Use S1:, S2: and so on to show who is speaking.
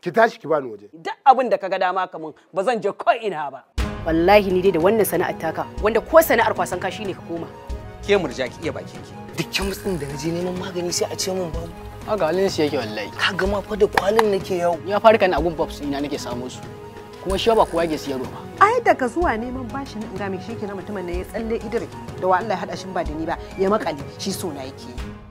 S1: ki tashi ki bani waje duk
S2: abin da kaga dama ka mun ba zan je ko ina ba wallahi
S1: ni dai da wannan sana'ar taka
S2: wanda ko sana'ar kwasan kashi ne ka koma
S3: ke murja ki iya bakin ki
S2: dukkan mutsin
S4: da naje neman magani sai a ce mun babu a ga halin shi yake wallahi ka ga ma fa da kwalin nake yau ya fara ni agun babs ina nake samu su kuma shi ba kowa yake siyarwa ba
S5: ai da ka zuwa neman bashi
S6: na ga mai shi kenan mutumin ne ya tsalle idiri da wa ya hada shin ba da ni ba ya makali
S7: shi so na yake